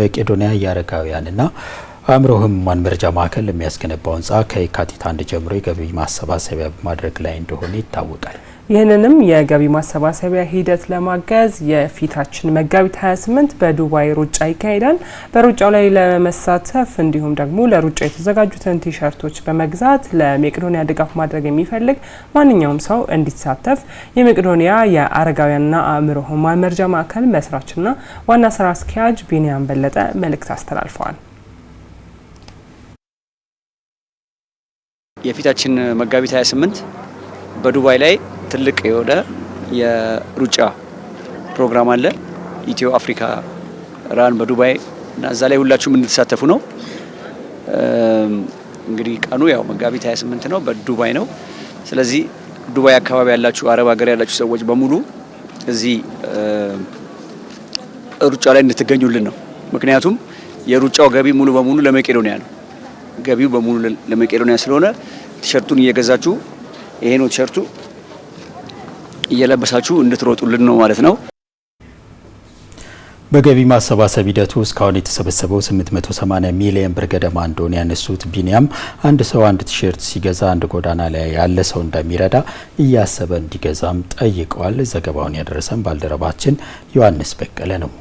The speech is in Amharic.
መቄዶንያ የአረጋውያን እና አእምሮ ህሙማን መርጃ ማዕከል የሚያስገነባው ህንፃ ከየካቲት አንድ ጀምሮ የገቢ ማሰባሰቢያ በማድረግ ላይ እንደሆነ ይታወቃል። ይህንንም የገቢ ማሰባሰቢያ ሂደት ለማገዝ የፊታችን መጋቢት 28 በዱባይ ሩጫ ይካሄዳል። በሩጫው ላይ ለመሳተፍ እንዲሁም ደግሞ ለሩጫ የተዘጋጁትን ቲሸርቶች በመግዛት ለመቄዶንያ ድጋፍ ማድረግ የሚፈልግ ማንኛውም ሰው እንዲሳተፍ የመቄዶንያ የአረጋውያንና አእምሮ ህሙማን መርጃ ማዕከል መስራችና ዋና ስራ አስኪያጅ ቢኒያም በለጠ መልእክት አስተላልፈዋል። የፊታችን መጋቢት 28 በዱባይ ላይ ትልቅ የሆነ የሩጫ ፕሮግራም አለ። ኢትዮ አፍሪካ ራን በዱባይ እና እዛ ላይ ሁላችሁም እንድትሳተፉ ነው። እንግዲህ ቀኑ ያው መጋቢት 28 ነው፣ በዱባይ ነው። ስለዚህ ዱባይ አካባቢ ያላችሁ፣ አረብ ሀገር ያላችሁ ሰዎች በሙሉ እዚህ ሩጫ ላይ እንድትገኙልን ነው። ምክንያቱም የሩጫው ገቢ ሙሉ በሙሉ ለመቄዶንያ ነው። ገቢው በሙሉ ለመቄዶንያ ስለሆነ ቲሸርቱን እየገዛችሁ ይሄ ነው ቲሸርቱ እየለበሳችሁ እንድትሮጡልን ነው ማለት ነው። በገቢ ማሰባሰብ ሂደቱ እስካሁን የተሰበሰበው 880 ሚሊዮን ብር ገደማ እንደሆነ ያነሱት ቢኒያም አንድ ሰው አንድ ቲሸርት ሲገዛ አንድ ጎዳና ላይ ያለ ሰው እንደሚረዳ እያሰበ እንዲገዛም ጠይቀዋል። ዘገባውን ያደረሰን ባልደረባችን ዮሐንስ በቀለ ነው።